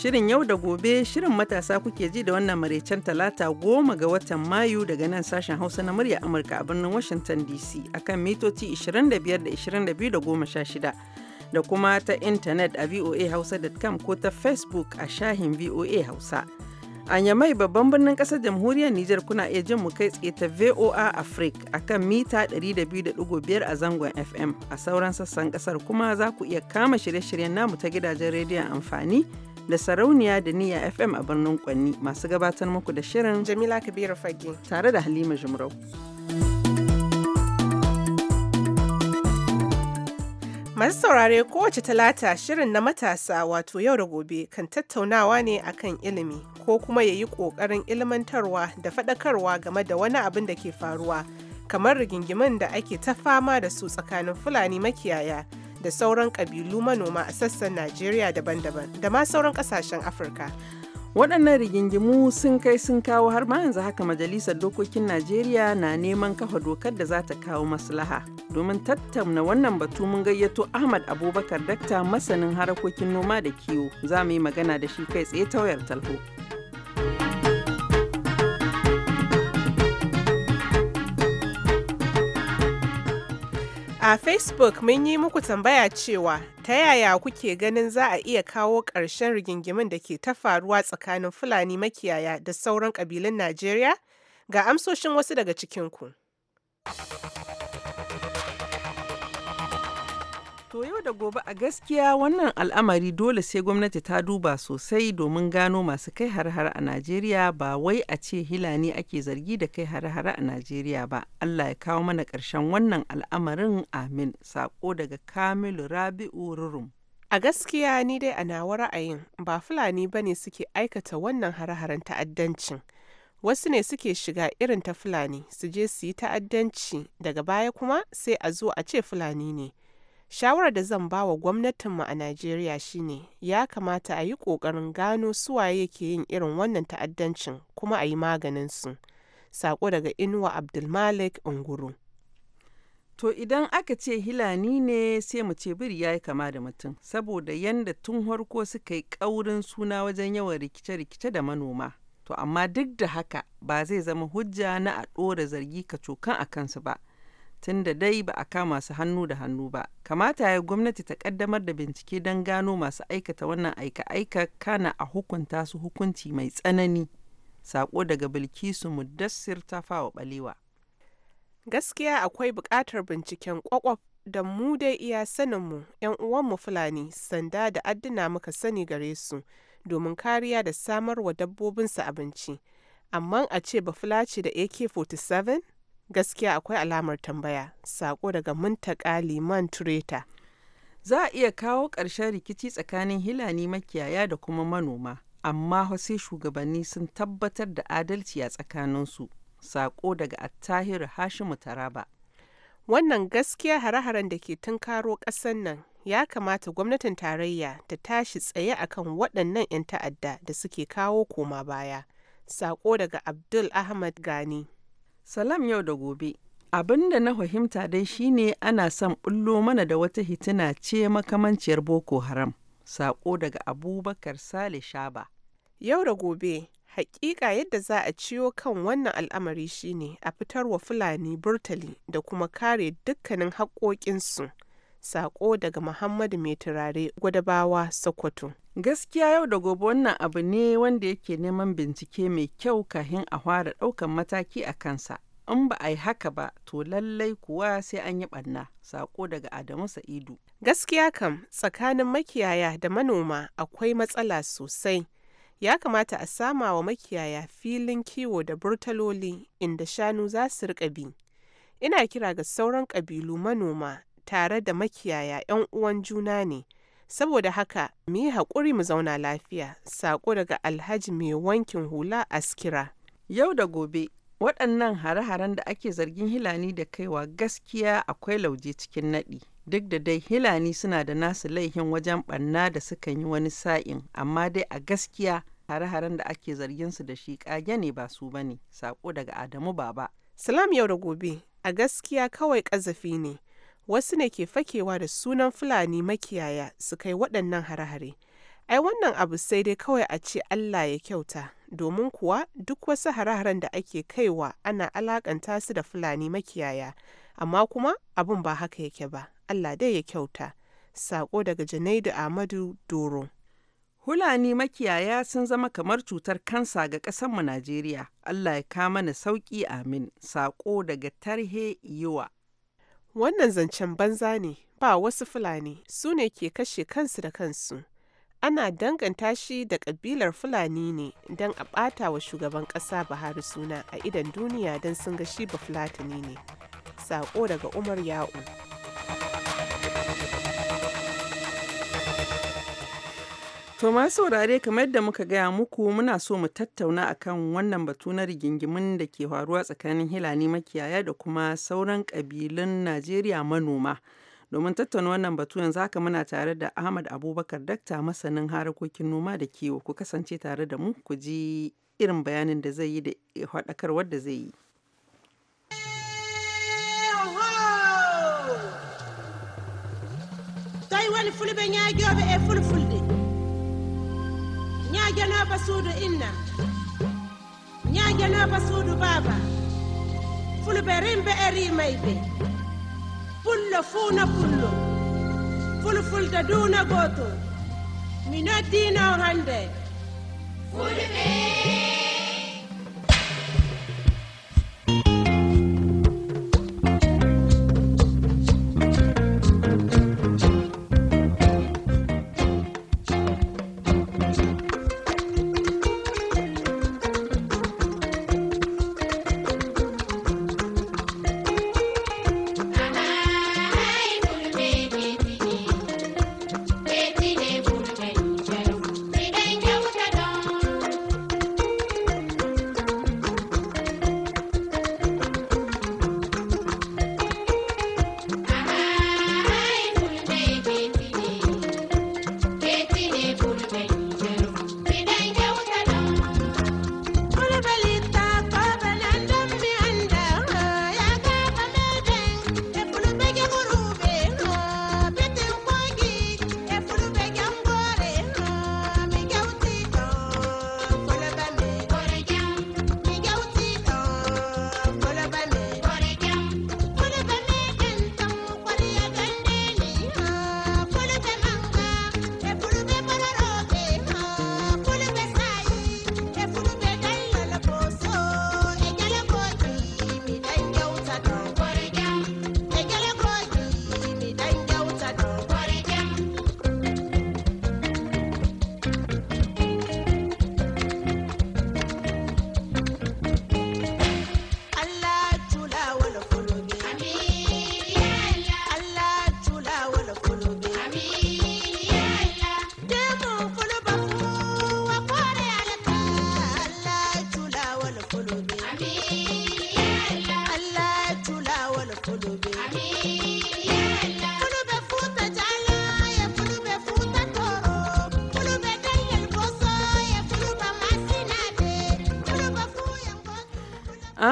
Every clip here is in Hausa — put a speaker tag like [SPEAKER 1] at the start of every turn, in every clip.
[SPEAKER 1] Shirin yau da gobe shirin matasa kuke ji da wannan maraicen talata goma ga watan Mayu daga nan sashen Hausa na murya Amurka a birnin Washington DC akan mitoci 25 da 22 da da kuma ta intanet a voahausa.com ko ta Facebook a shahin VOA Hausa. A Yamai babban birnin ƙasar jamhuriyar Nijar kuna iya jin mu kai tsaye ta VOA Africa akan mita 200.5 a zangon FM. A sauran sassan ƙasar kuma za ku iya kama shirye-shiryen namu ta gidajen rediyon amfani da sarauniya da niyya FM a birnin Kwanni masu gabatar muku da shirin Jamila Kabiru Fage tare da Halima Jumrau.
[SPEAKER 2] Masu saurare kowace talata shirin na matasa wato yau da gobe kan tattaunawa ne akan ilimi ko kuma ya yi ƙoƙarin ilmantarwa da faɗakarwa game da wani abin da ke faruwa kamar rigingimin da ake ta fama da su tsakanin Fulani makiyaya da sauran kabilu manoma a sassan Najeriya
[SPEAKER 1] daban-daban da ma sauran ƙasashen Afirka. waɗannan rigingimu sun kai sun kawo har ma yanzu haka majalisar dokokin najeriya na neman kafa dokar da za ta kawo maslaha domin tattauna wannan batu mun gayyato ahmad abubakar dakta masanin harakokin noma da kiwo za mu yi magana da shi kai tsaye ta wayar talho
[SPEAKER 2] A Facebook mun yi muku tambaya cewa ta yaya kuke ganin za a iya kawo ƙarshen rigingimin da ke ta faruwa tsakanin Fulani makiyaya da sauran ƙabilun Najeriya? Ga amsoshin wasu daga cikinku.
[SPEAKER 1] To yau da gobe a gaskiya wannan al'amari dole sai gwamnati ta duba sosai domin gano masu kai har-har a Najeriya ba wai a ce hilani ake zargi da kai har-har a Najeriya ba. Allah ya kawo mana ƙarshen wannan al'amarin amin. Sako daga Kamilu Rabi'u Rurum. A gaskiya
[SPEAKER 2] ni dai a nawa ra'ayin ba Fulani ba ne suke aikata wannan har-haren ta'addancin. Wasu ne suke shiga irin ta Fulani su je su yi ta'addanci daga baya kuma sai a zo a ce Fulani ne. shawarar da zan bawa gwamnatinmu a Najeriya shine ya kamata a yi ƙoƙarin gano suwaye ke yin irin wannan ta'addancin kuma a yi
[SPEAKER 1] maganin su. Sako daga Inuwa Abdulmalik Unguru. To idan aka ce hilani ne sai mu ce biri ya yi kama da mutum, saboda yadda tun harko suka yi ƙaurin suna wajen yawan rikice-rikice da manoma. To amma duk da haka ba zai zama hujja na a ɗora zargi kacokan a kansu ba. tun da dai ba a kama su hannu da hannu ba kamata ya gwamnati ta kaddamar da bincike don gano masu aikata wannan aika-aika kana a hukunta su hukunci mai tsanani sako daga bilkisu mudassir ta fawa balewa gaskiya akwai buƙatar
[SPEAKER 2] binciken kwakwaf da mu dai iya saninmu 'yan uwanmu fulani sanda da adduna muka sani gare su domin kariya da samarwa dabbobinsu abinci amma a ce ce da ak-47 gaskiya akwai alamar tambaya sako
[SPEAKER 1] daga muntaka liman tureta za a iya kawo ƙarshen rikici tsakanin hilani makiyaya da kuma manoma amma sai shugabanni sun tabbatar da adalci a tsakaninsu sako daga attahiru hashimu taraba
[SPEAKER 2] wannan gaskiya hare-haren da ke tunkaro ƙasar nan ya kamata gwamnatin tarayya ta tashi tsaye akan waɗannan 'yan ta'adda da suke kawo koma baya sako daga
[SPEAKER 1] abdul ahmad gani Salam yau da gobe. Abin da na fahimta dai shine ana son bullo mana da wata hituna ce makamanciyar Boko Haram. Sako daga Abubakar Sale Shaba.
[SPEAKER 2] Yau da gobe, hakika yadda za a ciwo kan wannan al'amari shine a fitar wa Fulani burtali da kuma kare dukkanin haƙoƙinsu. Sako daga Muhammadu Mai Turare Gwadabawa Sokoto.
[SPEAKER 1] Gaskiya yau da gobe wannan abu ne wanda yake neman bincike mai kyau kahin a fara ɗaukan mataki a kansa. in ba a yi haka ba to lallai kuwa sai an yi ɓanna sako daga adamu sa'idu gaskiya kam tsakanin makiyaya da
[SPEAKER 2] manoma akwai matsala sosai ya kamata a sama wa makiyaya filin kiwo da burtaloli inda shanu za su riƙa bi ina kira ga sauran ƙabilu manoma tare da makiyaya 'yan uwan juna ne, saboda haka mu yi haƙuri mu zauna lafiya, saƙo daga Alhaji mai wankin hula Askira.
[SPEAKER 1] Yau da gobe, waɗannan hare-haren da ake zargin Hilani da kaiwa gaskiya akwai lauje cikin naɗi. Duk da dai Hilani suna da nasu laihin wajen ɓanna da suka yi wani sa'in, amma dai a gaskiya hare-haren da ake zargin su da shi ƙage ne ba su ba ne. saƙo daga Adamu Baba. Salam yau da gobe, a gaskiya kawai ƙazafi
[SPEAKER 2] ne. wasu ne ke fakewa da sunan Fulani makiyaya su kai waɗannan hare Ai wannan abu sai dai kawai a ce Allah ya kyauta, domin kuwa duk wasu hare-haren da ake kaiwa ana alakanta su da Fulani makiyaya, amma kuma abun ba haka yake ba, Allah dai ya kyauta. Sako daga Janaidu Ahmadu Doro.
[SPEAKER 1] Hulani makiyaya sun zama kamar cutar kansa ga ƙasanmu Najeriya. Allah ya kama na sauƙi amin. Sako daga Tarhe Yiwa.
[SPEAKER 2] Wannan zancen banza ne, ba wasu Fulani, su ne ke kashe kansu da kansu. Ana danganta shi da ƙabilar Fulani ne don a ɓata wa shugaban ƙasa Buhari suna a idan duniya don sun ga shi ba Fulatani ne. Saƙo daga Umar Ya'u.
[SPEAKER 1] To ma saurare kamar yadda muka gaya muku muna so mu tattauna akan wannan batu na rigingimin da ke faruwa tsakanin Hilani makiyaya da kuma sauran kabilun Najeriya manoma. Domin tattauna wannan batu yanzu haka muna tare da Ahmad Abubakar dakta masanin harakokin noma da kiwo ku kasance tare da mu ku ji irin bayanin da zai yi da haɗakarwar da zai yi.
[SPEAKER 2] wani fulben ya gyobe e eh, fulfulde. ñaagenoɓa suudu inna ñaagenoɓa suudu baaba fulɓe pulo e rimayɓe pullo fuuna pullo fulfulde duuna gooto mi noddino hannde fulɓe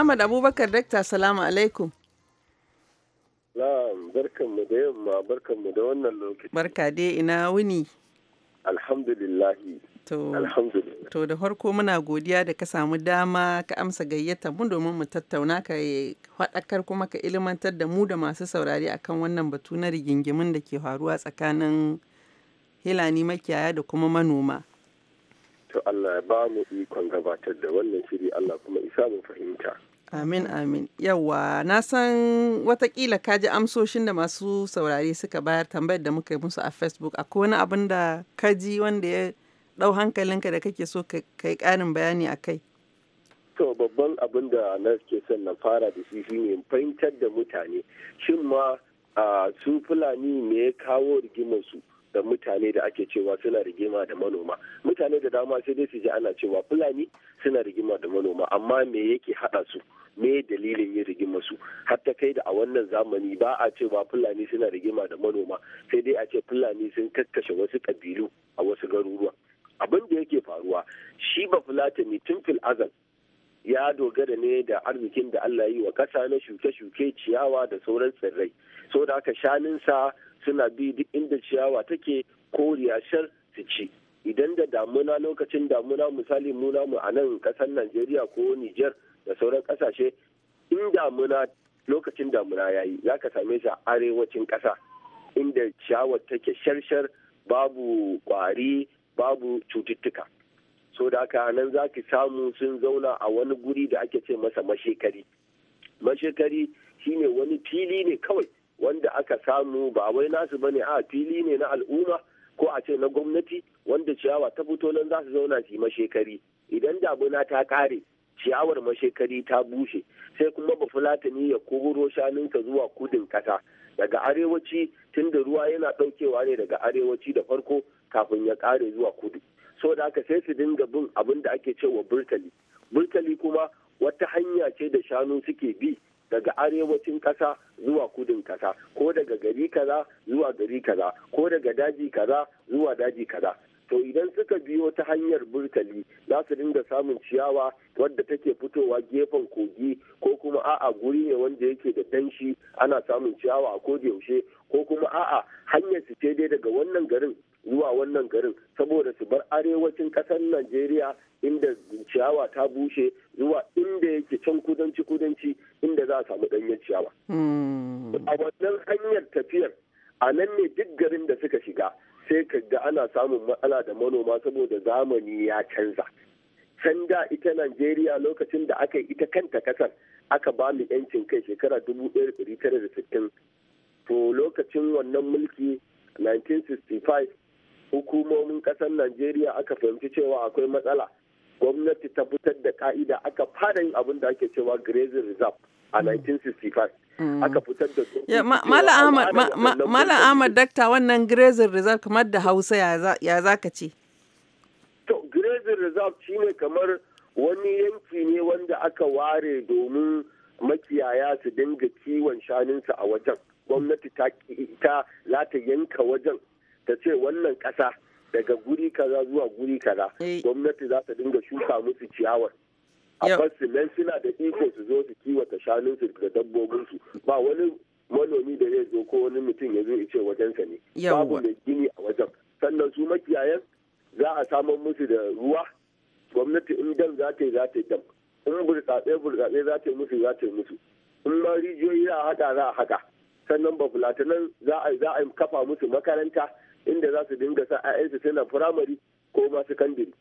[SPEAKER 1] Muhammad Abubakar Dakta salamu alaikum.
[SPEAKER 3] barkan mu da yamma barkan mu da wannan lokaci.
[SPEAKER 1] Barka dai ina wuni.
[SPEAKER 3] Alhamdulillahi. To,
[SPEAKER 1] to da farko muna godiya da ka samu dama ka amsa gayyata mu domin mu tattauna ka haɗakar kuma ka ilimantar da mu da masu saurari akan wannan batu na rigingimin da ke faruwa tsakanin Hilani makiyaya da kuma manoma.
[SPEAKER 3] To Allah ya ba mu ikon gabatar da wannan shiri Allah kuma isa mu fahimta.
[SPEAKER 1] Amin amin. Yawwa na san watakila ka ji amsoshin da masu saurare suka bayar tambayar da muka yi musu a Facebook akwai wani abin da ka ji wanda ya ɗau hankalinka da kake so ka yi ƙarin bayani a kai.
[SPEAKER 3] To babban abin da na ke son na fara da shi ne fahimtar da mutane shin ma su Fulani me ya kawo rigimar su da mutane da ake cewa suna rigima da manoma mutane da dama sai dai su ji ana cewa fulani suna rigima da manoma amma me yake haɗa su me dalilin yin rigima su har ta kai da a wannan zamani ba a cewa fulani suna rigima da manoma sai dai a ce fulani sun kakkashe wasu kabilu a wasu garuruwa abin da yake faruwa shi ba fulatani tun fil azal ya dogara ne da arzikin da Allah yi wa kasa na shuke-shuke ciyawa da sauran tsirrai so da haka shanunsa suna bi duk inda ciyawa take koriya riyashar su ci idan da damuna lokacin damuna misali muna mu a nan ƙasar Najeriya ko Nijar da sauran kasashe in damuna lokacin damuna ya yi za ka same shi a arewacin ƙasa inda ciyawar take sharshar babu ƙwari babu cututtuka so da haka nan za ki samu sun zauna a wani guri da ake ce masa mashekari mashekari shine wani fili ne kawai wanda aka samu ba wai nasu ba ne a fili ne na al'umma ko a ce na gwamnati wanda ciyawa ta fito nan za su zauna su yi mashekari idan damuna ta kare ciyawar mashekari ta bushe sai kuma bafulatani ya koro shanunka zuwa kudin kasa daga arewaci tunda ruwa yana daukewa ne daga arewaci da farko kafin ya kare zuwa kudu so da aka sai su dinga bin abin da ake cewa burtali burtali kuma wata hanya ce da shanu suke bi daga arewacin ƙasa zuwa kudin kasa ko daga gari kaza zuwa gari kaza ko daga daji kaza zuwa daji kaza to idan suka biyo ta hanyar burtali za su dinga samun ciyawa wadda take fitowa gefen kogi ko kuma a'a guri ne wanda yake da danshi ana samun ciyawa a yaushe ko kuma a'a hanyar su ce dai daga wannan garin zuwa wannan garin saboda su bar arewacin ƙasar najeriya inda ciyawa ta bushe zuwa inda yake can kudanci kudanci inda za a samu ɗanyen ciyawa hmm. a wannan hanyar tafiyar a nan ne duk garin da suka shiga sai ka ga ana samun matsala da manoma saboda zamani ya canza can da ita najeriya lokacin da aka yi ita kanta kasar aka ba mu yancin kai shekara 1960 to lokacin wannan mulki 1965 hukumomin kasar najeriya aka fahimci cewa akwai matsala gwamnati ta fitar da ka'ida aka fara yin abin da ake cewa grazing reserve a 1965 Mm. aka fitar da su mala ahmad
[SPEAKER 1] dakta wannan grazing reserve kamar da hausa ya za ka
[SPEAKER 3] ce to grazing reserve shi ne kamar wani yanki ne wanda aka ware domin makiyaya su dinga kiwon shanunsa a wajen gwamnati ta ita za ta yanka wajen ta ce wannan ƙasa daga guri kaza zuwa guri kaza eh. gwamnati za ta dinga shuka musu ciyawar
[SPEAKER 1] a basu
[SPEAKER 3] suna da iko su zo su kiwata shanunsu da dabbobinsu ba wani manomi da zai zo ko wani mutum ya zo ya ce wajensa ne babu mai gini a wajen sannan su makiyayan za a samar musu da ruwa gwamnati in dam za ta yi za ta yi dam in burtsatse burtsatse za ta yi musu za ta yi musu in ba rijiyoyi za a haɗa za a haɗa sannan ba fulatanan za a za a kafa musu makaranta inda za su dinga sa 'ya'yansu suna firamare ko ma sakandare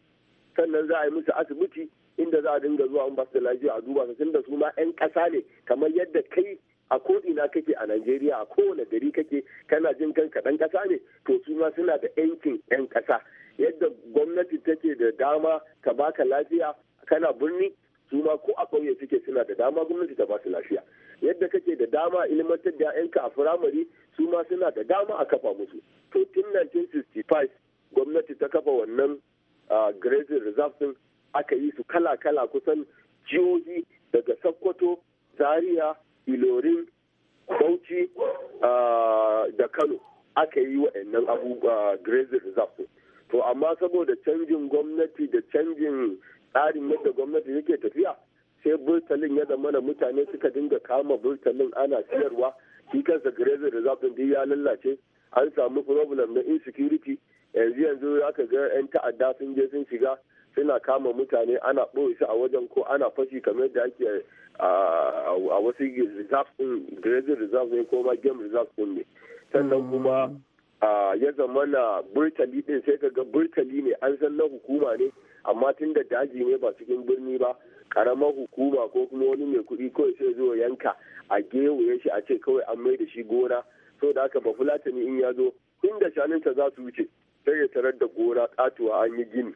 [SPEAKER 3] sannan za a yi musu asibiti inda za a dinga zuwa an basu da lafiya a duba su tunda su ma 'yan ƙasa ne kamar yadda kai a ko'ina kake a Najeriya a kowane gari kake kana jin kanka ɗan ƙasa ne to su ma suna da yankin 'yan ƙasa yadda gwamnati take da dama ta baka lafiya kana birni su ma ko a ƙauye suke suna da dama gwamnati ta basu lafiya yadda kake da dama ilimantar da 'ya'yanka a firamare su ma suna da dama a kafa musu to tun 1965 gwamnati ta kafa wannan grazing reserve din aka yi su kala-kala kusan jihohi daga sokoto zaria ilorin bauchi da kano aka yi wa'annan abubuwa grazing reserve to amma saboda canjin gwamnati da canjin tsarin yadda gwamnati yake tafiya sai burtalin ya zama na mutane suka dinga kama burtalin ana siyarwa shi kansa grazing reserve din ya lallace an samu problem na insecurity yanzu yanzu ka ga 'yan ta'adda sun je sun shiga suna kama mutane ana ɓoye su a wajen ko ana fashi kamar da ake a wasu reserve din grazing reserve ne ko ma game reserve ne sannan mm. kuma ya zama na burtali din sai ka ga burtali ne an san na hukuma ne amma tun da daji ne ba cikin birni ba karamar hukuma ko kuma wani mai kuɗi kawai sai zo yanka a gewaye shi a ce kawai an mai da shi gona so da haka ba fulatani in ya zo tun inda shanunta za su wuce sai ya tarar da gora katuwa an yi gini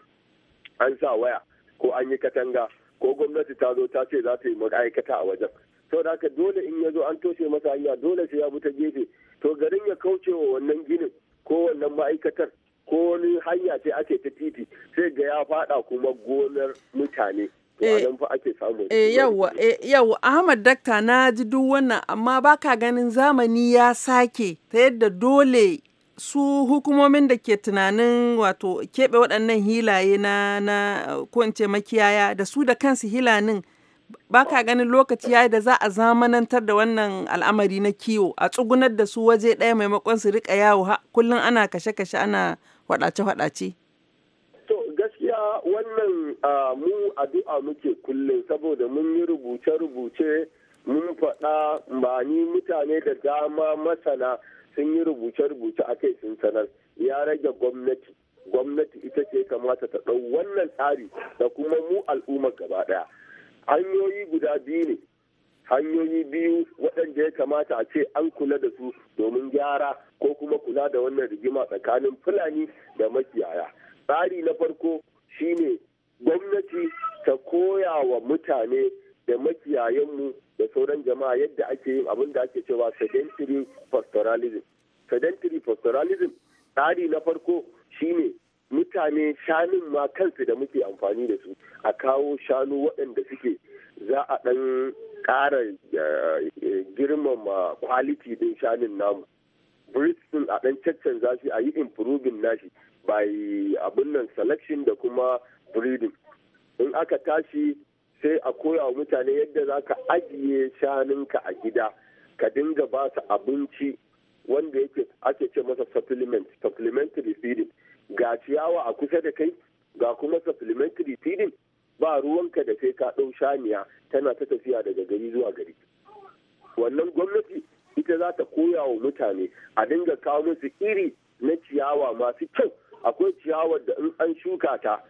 [SPEAKER 3] an sa waya ko an yi katanga ko gwamnati ta zo ta ce za ta yi ma'aikata a wajen saboda haka dole in ya zo an toshe masa hanya dole sai ya bi ta gefe to garin ya kauce wa wannan ginin ko wannan ma'aikatar ko wani hanya ce ake ta titi sai ga ya fada kuma gonar mutane eh, eh, yau
[SPEAKER 1] eh, ahmad dakta na ji duk wannan amma baka ganin zamani ya sake ta yadda dole su hukumomin da ke tunanin wato keɓe waɗannan hilaye na na kowace makiyaya da su da kansu hilanin ka ganin lokaci yayi da za a zamanantar da wannan al'amari na kiwo a tsugunar da su waje ɗaya maimakon su riƙa yawo ha kullum ana kashe-kashe ana waɗace waɗace
[SPEAKER 3] To gaskiya wannan mu addu'a muke kullum saboda mun yi rubuce-rubuce mun faɗa ba ni mutane da dama masana sun yi rubuce-rubuce a kai sun sanar ya rage gwamnati gwamnati ita ce kamata ta ɗau wannan tsari da kuma mu al'ummar gaba ɗaya hanyoyi guda biyu ne hanyoyi biyu waɗanda ya kamata a ce an kula da su domin gyara ko kuma kula da wannan rigima tsakanin fulani da makiyaya tsari na farko shine gwamnati ta koya wa mutane da makiyayenmu da sauran jama'a yadda ake yin abin da ake cewa sedentary pastoralism sedentary pastoralism tsari na farko shine mutane shanun ma kansu da muke amfani da su a kawo shanu waɗanda suke za a ɗan ƙara eh, girmama kwaliti din shanun namu bristol a ɗan caccanza shi a yi improving nashi by abin nan selection da kuma breeding in aka tashi sai a koya wa mutane yadda za ka ajiye shanunka a gida ka dinga ba su abinci wanda yake ake ce masa supplement supplementary feeding ga ciyawa a kusa da kai ga kuma supplementary feeding ba ruwanka da sai ka ɗau shaniya tana ta tafiya daga gari zuwa gari wannan gwamnati ita za ta koya wa mutane a dinga kawo musu iri na ciyawa masu kyau akwai ciyawar da in an shuka ta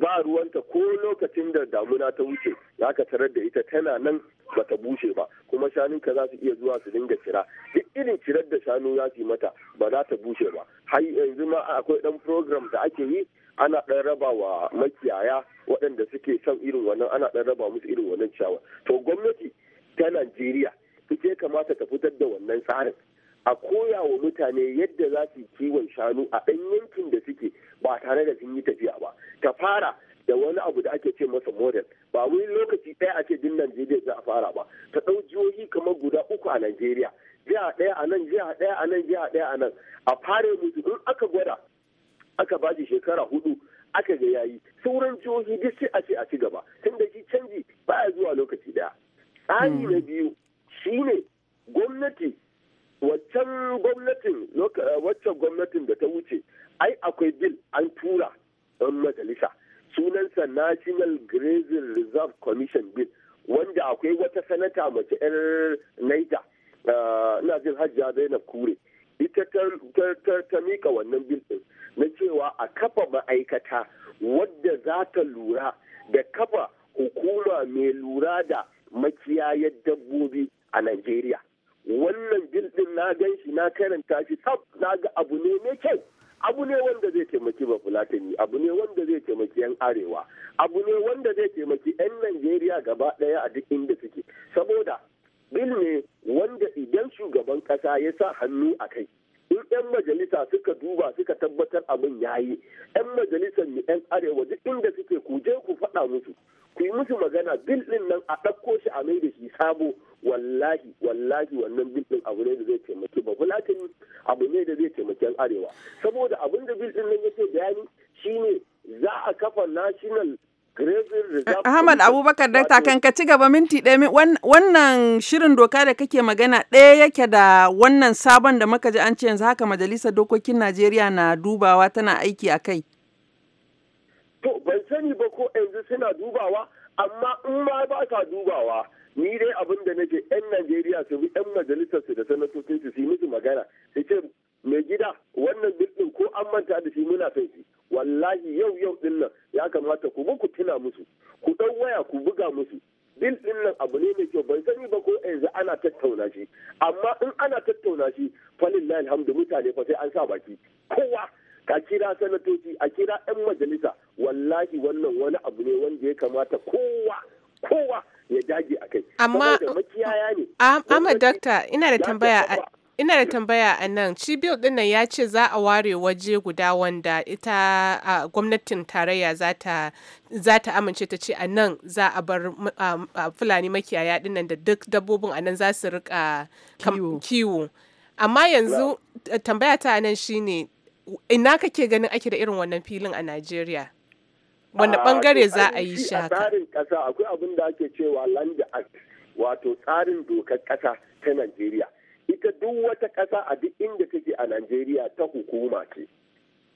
[SPEAKER 3] ba ruwanta ko lokacin da damuna ta wuce za ka tarar da ita tana nan bata bushe ba kuma shanunka za su iya zuwa su dinga cira duk irin cirar da shanu za su mata ba za ta bushe ba har yanzu ma akwai dan program da ake yi ana ɗan raba wa makiyaya waɗanda suke son irin wannan ana ɗan raba musu irin wannan ciyawa to gwamnati ta najeriya suke kamata ta fitar da wannan tsarin a koya wa mutane yadda za su kiwon shanu a ɗan yankin da suke ba tare da sun yi tafiya ba ta fara da wani abu da ake ce masa model ba wani lokaci ɗaya a ce din najeriya za a fara ba ta ɗau jihohi kamar guda uku a najeriya jiha ɗaya a nan jiha ɗaya a nan jiha ɗaya a nan a fara mutu in aka gwada aka shi shekara hudu aka ga yayi sauran jihohi duk sai a ce a ci gaba da shi canji ba zuwa lokaci ɗaya tsari na hmm. biyu shine gwamnati wancan gwamnatin eh, wancan gwamnatin da ta wuce ai akwai bil an tura ɗan majalisa sunansa national grazing reserve commission bil wanda akwai wata sanata mace 'yar naija eh, na jin hajjiya zainab kure ita ta mika wannan bil ɗin na cewa a kafa ma'aikata wadda za ta lura da kafa hukuma mai lura da makiyayar dabbobi a najeriya wannan bil na gan shi na karanta shi tab na ga abu ne mai kyau abu ne wanda zai taimaki bafulatani abu ne wanda zai taimaki yan arewa abu ne wanda zai taimaki yan najeriya gaba daya a duk inda suke saboda bil ne wanda idan shugaban kasa ya sa hannu a kai in 'yan majalisa suka duba suka tabbatar abin ya yi 'yan majalisar ne 'yan arewa duk inda suke ku je ku faɗa musu ku yi musu magana bil ɗin nan a ɗauko shi a mai da shi sabo wallahi wallahi wannan bilɗin abu ne da zai taimaki ba fulatani abu ne da zai taimaki yan arewa saboda abin da bil nan yake bayani shine za a kafa national Ahmad Abubakar
[SPEAKER 1] Dakta kan ka ci gaba minti ɗaya wannan shirin doka da kake magana ɗaya yake da wannan sabon da muka ji an ce yanzu haka majalisar dokokin Najeriya na dubawa tana aiki a kai.
[SPEAKER 3] To ban sani ba ko yanzu suna dubawa amma in ma ba sa dubawa ni dai abin da nake yan najeriya su bi yan majalisar su da sanatocin su su yi musu magana su ce mai gida wannan bil ko an manta da shi muna son wallahi yau yau din nan ya kamata ku bi ku tuna musu ku ɗau waya ku buga musu bil din nan abu ne mai kyau ban sani ba ko yanzu ana tattauna shi amma in ana tattauna shi lai alhamdu mutane fa sai an sa baki kowa ka kira sanatoci a kira 'yan majalisa wallahi wannan wani abu ne wanda ya kamata kowa kowa ya dage amma
[SPEAKER 2] amma dakta ina da tambaya ina da tambaya a nan cibiyar din nan ya ce za a ware waje guda wanda ita a gwamnatin tarayya za ta amince ta ce a nan za a bar fulani makiyaya din nan da duk dabbobin a nan za su rika kiwo amma yanzu tambaya ta nan shine ina kake ganin ake da irin wannan filin a najeriya
[SPEAKER 3] wanda bangare za a yi shi haka a wato tsarin dokar ƙasa ta Najeriya. Ita duk wata ƙasa a duk inda take a Najeriya ta hukuma ce.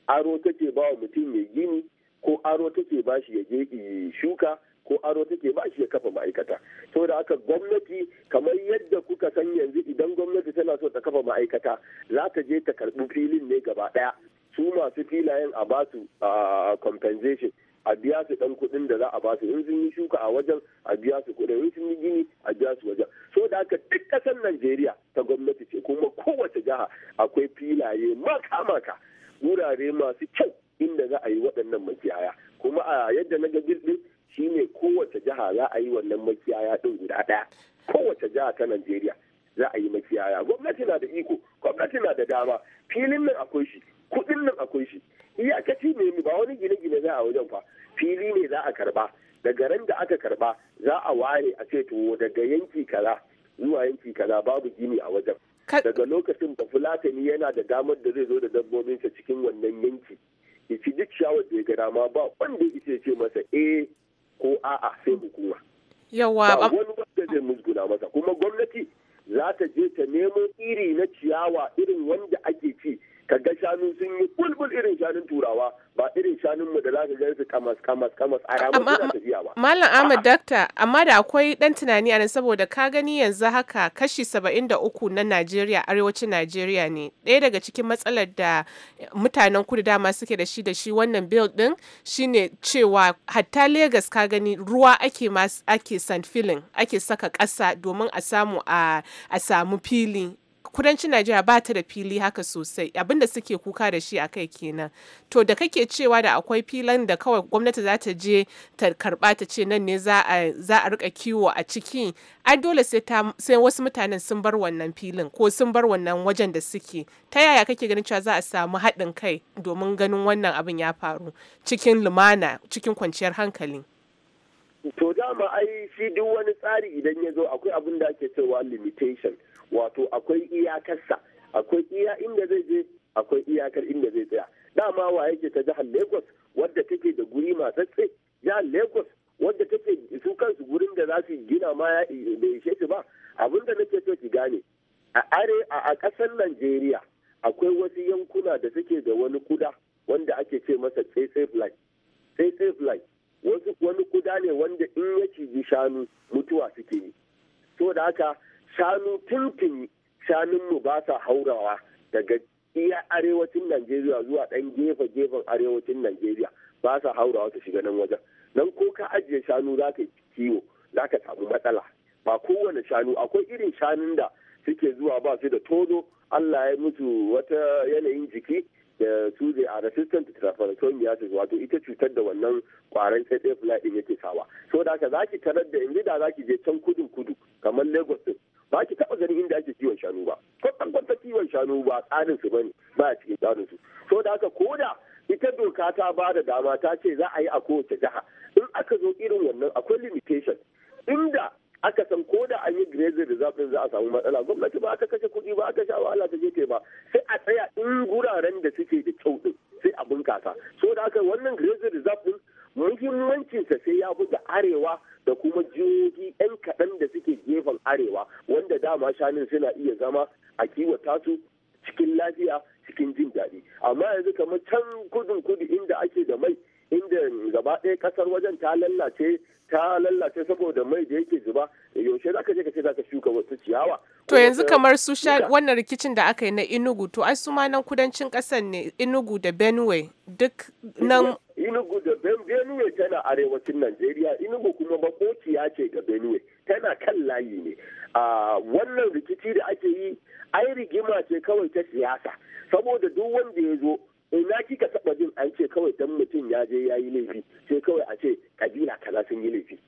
[SPEAKER 3] Aro take ba wa mutum ya gini ko aro take ba shi ya je shuka ko aro take ba shi ya kafa ma'aikata. da haka gwamnati kamar yadda kuka san yanzu idan gwamnati tana so ta kafa ma'aikata za ta je ta karɓi filin ne gaba ɗaya. Su masu filayen a basu ah, compensation a biya su dan kuɗin da za a ba su in sun yi shuka a wajen a biya su kuɗin in sun yi gini a biya su wajen so da haka duk ƙasar Najeriya ta gwamnati ce kuma kowace jiha akwai filaye maka maka wurare masu kyau inda za a yi waɗannan makiyaya kuma a yadda na ga girbi shine kowace jiha za a yi wannan makiyaya din guda ɗaya kowace jiha ta Najeriya za a yi makiyaya gwamnati na da iko gwamnati na da dama filin nan akwai shi kuɗin nan akwai shi iyakaci mai ba wani gine-gine za a wajen fa fili ne za a karba daga ran da aka karba za a ware a ce to daga yanki kaza zuwa yanki kaza babu gini a wajen daga lokacin da fulatani yana da damar da zai zo da dabbobin sa cikin wannan yanki ya ci duk shawar da ya ga dama ba wanda ya ce masa eh ko a'a sai hukuma yawa ba wani wanda zai musguna masa kuma gwamnati za ta je ta nemo iri na ciyawa irin wanda ake ci ka ga shanu sun yi bulbul irin shanun turawa ba irin shanun mu da za ka gani su kamas kamas kamas a ramar da tafiya ba Malam
[SPEAKER 2] Ahmad Dakta amma da akwai dan tunani a nan saboda ka gani yanzu haka kashi 73 na Najeriya arewacin Najeriya ne ɗaya daga cikin matsalar da mutanen kudu dama suke da shi da shi wannan bill din shine cewa hatta Legas ka gani ruwa ake ake san filin ake saka ƙasa domin a samu a samu fili kudancin Najeriya ba ta da fili haka sosai abinda suke kuka da shi a akai kenan to da kake cewa da akwai filan da kawai gwamnati za ta je ta karba ta ce nan ne za a rika kiwo a ciki ai dole sai wasu mutanen sun bar wannan filin ko sun bar wannan wajen da suke ta yaya kake ganin cewa za a samu haɗin kai domin ganin wannan abin ya faru cikin lumana cikin kwanciyar hankali
[SPEAKER 3] to dama ai shi duk wani tsari idan ya zo akwai abin da ake cewa limitation wato akwai iyakarsa akwai iya inda zai je akwai iyakar inda zai tsaya dama wa yake ta jihar lagos wadda take da guri matsatse jihar lagos wadda take su kansu gurin da za su gina ma ya ishe shi ba abinda nake so ki gane a are a ƙasar najeriya akwai wasu yankuna da suke da wani kuda wanda ake ce masa tsaye fly tsetse wasu wani kuda ne wanda in ya ciji shanu mutuwa suke yi so da haka shanu tuntun shanunmu ba sa haurawa daga iya arewacin najeriya zuwa ɗan gefe gefen arewacin najeriya ba sa haurawa ta shiga nan wajen nan ko ka ajiye shanu za ka kiwo za ka samu matsala ba kowane shanu akwai irin shanun da suke zuwa ba su da tozo allah ya mutu wata yanayin jiki da su zai a resistant trypanosomiasis wato ita cutar da wannan kwaran tsaye fly din yake sawa so da haka zaki tarar da inda za ki je can kudu kudu kamar lagos din ba ki taɓa ganin inda ake kiwon shanu ba Ko kan kwanta kiwon shanu ba tsarin su bane ba a cikin tsarin su so da haka koda ita doka ta ba da dama ta ce za a yi a kowace jiha in aka zo irin wannan akwai limitation inda aka san ko da an yi grazing reserve din za a samu matsala gwamnati ba aka kashe kuɗi ba aka sha wahala ta je ba sai a tsaya in guraren da suke da kyau din sai a bunkasa so da aka wannan grazing reserve din muhimmancinsa sai ya fi da arewa da kuma jihohi 'yan kaɗan da suke gefen arewa wanda dama shanun suna iya zama a kiwata su cikin lafiya cikin jin daɗi amma yanzu kamar can kudin kudu inda ake da mai inda gaba ɗaya ƙasar wajen ta lallace ta lallace saboda mai da yake zuba yaushe za ka je ka ce za ka shuka wasu ciyawa to yanzu kamar
[SPEAKER 2] su sha wannan rikicin da aka yi na inugu to ai su ma nan kudancin ƙasar ne inugu da benue duk nan
[SPEAKER 3] Inugu da Benue tana arewacin Najeriya, Inugu kuma makociya ce ga Benue, tana kan layi ne. Wannan rikici da ake yi, ai rigima ce kawai ta siyasa, saboda duk wanda ya zo ina kika taba jin an ce kawai dan mutum ya je ya yi laifi sai kawai a ce kabila kaza sun yi laifi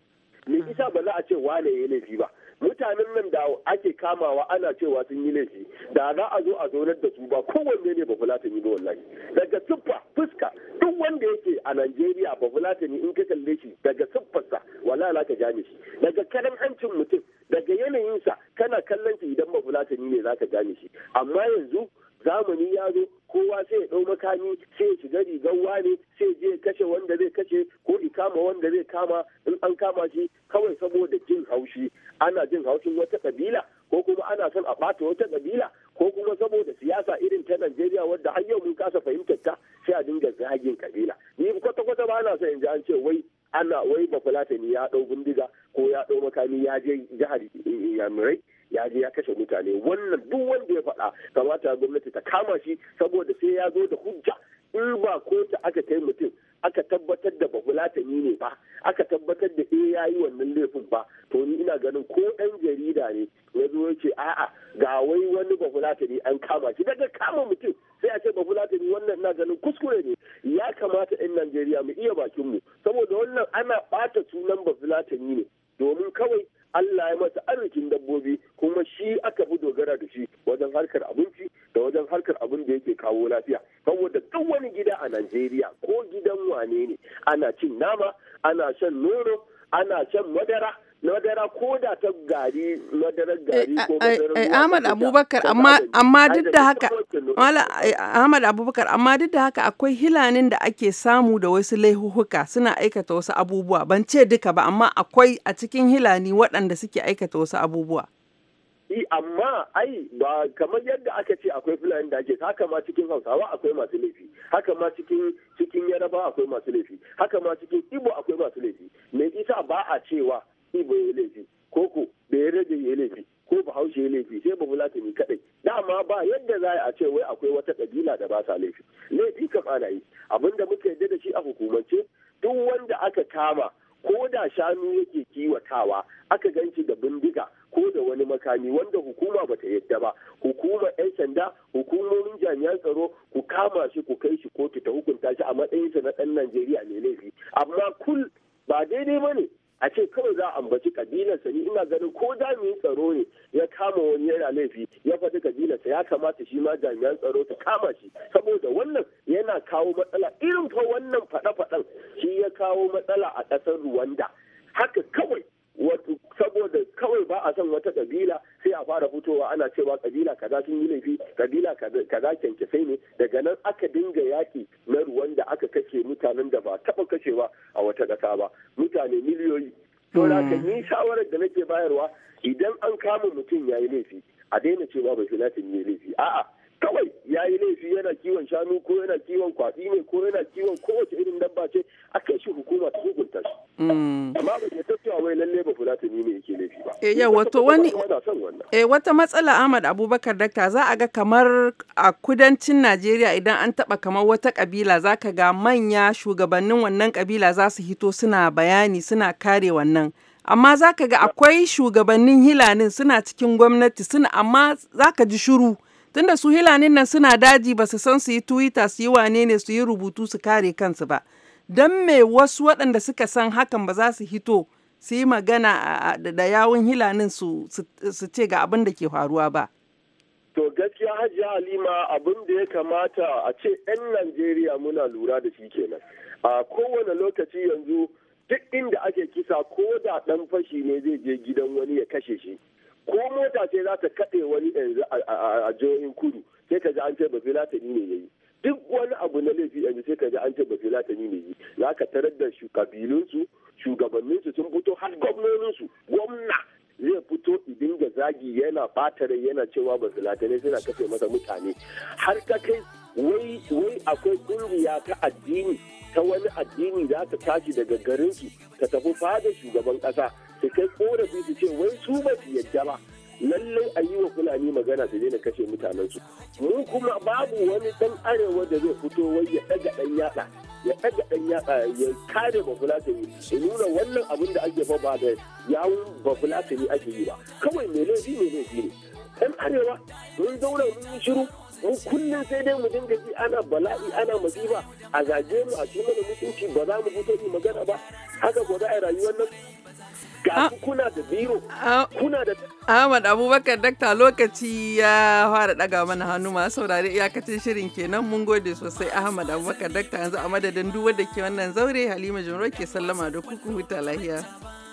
[SPEAKER 3] me isa ba za a ce wane ya yi laifi ba mutanen nan da ake kamawa ana cewa sun yi laifi da za a zo a zaunar da su ba kowanne ne bafulatani ba wallahi daga siffa fuska duk wanda yake a Najeriya bafulatani in ka kalle shi daga siffarsa wallahi la ka gane shi daga karan hancin mutum daga yanayinsa kana kallon shi idan bafulatani ne za ka gane shi amma yanzu zamani ya zo kowa sai ya ɗau makami sai ya shiga rigar wane sai je kashe wanda zai kashe ko ikama wanda zai kama in an kama shi kawai saboda jin haushi ana jin haushin wata kabila ko kuma ana son a ɓata wata kabila ko kuma saboda siyasa irin ta Najeriya wadda har yau mun kasa fahimtar ta sai a dinga zagin kabila ni kwata-kwata ba na son in ji an ce wai ana wai bafulatani ya ɗau bindiga ko ya ɗau makami ya je jihar Yamirai ya je ya kashe mutane wannan duk wanda ya faɗa kamata gwamnati ta kama shi saboda sai ya zo da hujja in ba kotu aka kai mutum aka tabbatar da bafulatani ne ba aka tabbatar da eh ya yi wannan laifin ba to ni ina ganin ko ɗan jarida ne ya zo ce a'a ga wai wani bafulatani an kama shi daga kama mutum sai a ce bafulatani wannan ina ganin kuskure ne ya kamata 'yan najeriya mu iya bakin mu saboda wannan ana ɓata sunan bafulatani ne domin kawai Allah ya masa arzikin dabbobi shi e, aka fi dogara da shi wajen harkar abinci da wajen harkar abin da yake kawo lafiya saboda duk wani gida a najeriya ko gidan wane ne ana cin nama ana shan nono ana shan madara madara ko da ta gari madarar eh, gari ko eh, madarar eh, Ahmad Abubakar amma amma duk da haka
[SPEAKER 1] Ahmad Abubakar amma duk da haka akwai hilanin da ake samu da wasu laihuhuka suna aikata wasu abubuwa ban ce duka ba amma akwai a cikin hilani waɗanda suke aikata wasu abubuwa
[SPEAKER 3] I amma ai ba kamar yadda aka ce akwai fulani da ake haka ma cikin hausawa akwai masu laifi haka ma cikin yaraba akwai masu laifi haka ma cikin ibo akwai masu laifi me ita ba a cewa ibo ya laifi koko da ya rage ya laifi ko bahaushe ya laifi sai ba fulatani kadai dama ba yadda za a ce wai akwai wata kabila da ba sa laifi laifi kam ana yi abinda muke yadda da shi a hukumance duk wanda aka kama ko da shanu yake kiwatawa aka ganci da bindiga ko da wani makami wanda hukuma bata yadda ba hukumar 'yan sanda hukumomin jami'an tsaro ku kama shi ku kai shi kotu ta hukunta shi a matsayinsa na ɗan najeriya mai laifi amma kul ba daidai ba ne a ce kawai za a ambaci kabilarsa ni ina ganin ko jami'in tsaro ne ya kama wani yana laifi ya faɗi kabilarsa ya kamata shi ma jami'an tsaro ta kama shi saboda wannan yana kawo matsala irin fa wannan faɗe-faɗen shi ya kawo matsala a ƙasar ruwanda haka kawai saboda kawai ba a son wata kabila sai a fara fitowa ana cewa kabila kaza sun yi laifi kabila kaza kyankyasai ne daga nan aka dinga yaki na ruwan da aka kashe mutanen da ba taba kashewa a wata ƙasa ba mutane miliyoyi to da ni shawarar da nake bayarwa idan an kama mutum ya yi laifi a daina cewa bai fi latin yi laifi a'a kawai ya yi laifi yana kiwon shanu ko yana kiwon kwaɗi ne ko yana kiwon kowace irin dabba ce a kai shi hukuma ta hukunta shi. Mm. Amma ba ke tafiya wai lalle ba fulatani ne yake laifi ba. E eh, yawa to wani
[SPEAKER 1] eh wata matsala Ahmad Abubakar Dakta za a ga kamar a kudancin Najeriya idan an taɓa kamar wata kabila za ka ga manya shugabannin wannan kabila za su hito suna bayani suna kare wannan. Amma za ka ga akwai shugabannin hilanin suna cikin gwamnati suna amma za ka ji shuru. Tunda su hilanin nan suna daji ba su san su yi Twitter su yi wane ne su yi rubutu su kare kansu ba. Don me wasu waɗanda suka san hakan ba za su hito su yi magana da yawun hilanin su ce ga abin da ke faruwa ba.
[SPEAKER 3] To gaskiya Hajiya Halima abin da ya kamata a ce 'yan Najeriya muna lura da shi kenan. A kowane lokaci yanzu duk inda ake kisa ko da dan fashi ne zai je gidan wani ya kashe shi. ko mota ce za ta kaɗe wani yanzu a jihohin kudu sai ka ji an ce ba filatani ne yayi duk wani abu na laifi yanzu sai ka ji an ce ba filatani ne yayi za ka tarar da kabilunsu shugabanninsu sun fito har gwamnoninsu gwamna zai fito idin ga zagi yana rai yana cewa ba filatanai suna kafe masa mutane har ka kai wai akwai ƙungiya ta addini ta wani addini za ta tashi daga garinsu ta tafi fada shugaban ƙasa su kai korafi su ce wai su ba su yadda ba lallai a yi wa fulani magana su daina kashe mutanen su mu kuma babu wani dan arewa da zai fito wai ya daga dan yada ya daga dan yada ya kare ne su nuna wannan abin da ake ba da yawun ne ake yi ba kawai mai laifi mai zi ne dan arewa mun zauna mun yi shiru mu kullum sai dai mu dinga ji ana bala'i ana masifa a zage mu a cikin mutunci ba za mu fito yi magana ba haka ko za a rayuwar nan Ah.
[SPEAKER 1] Ah. Ahmad Abubakar dakta lokaci ya fara daga mana hannu masu saurari iyakacin shirin kenan mun gode sosai Ahmad Abubakar dakta yanzu a madadin duk wanda ke
[SPEAKER 3] wannan zaure Halima Jumro ke sallama da kuku huta lahiya